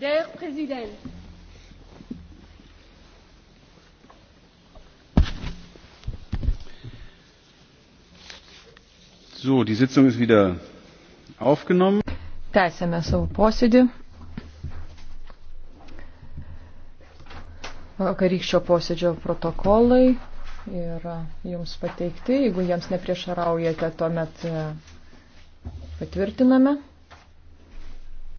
Der Präsident. So, die Sitzung ist wieder aufgenommen. Tęsėme savo posėdį. Vakarykščio posėdžio protokolai yra jums pateikti. Jeigu jiems nepriešaraujate, tuomet e, patvirtiname.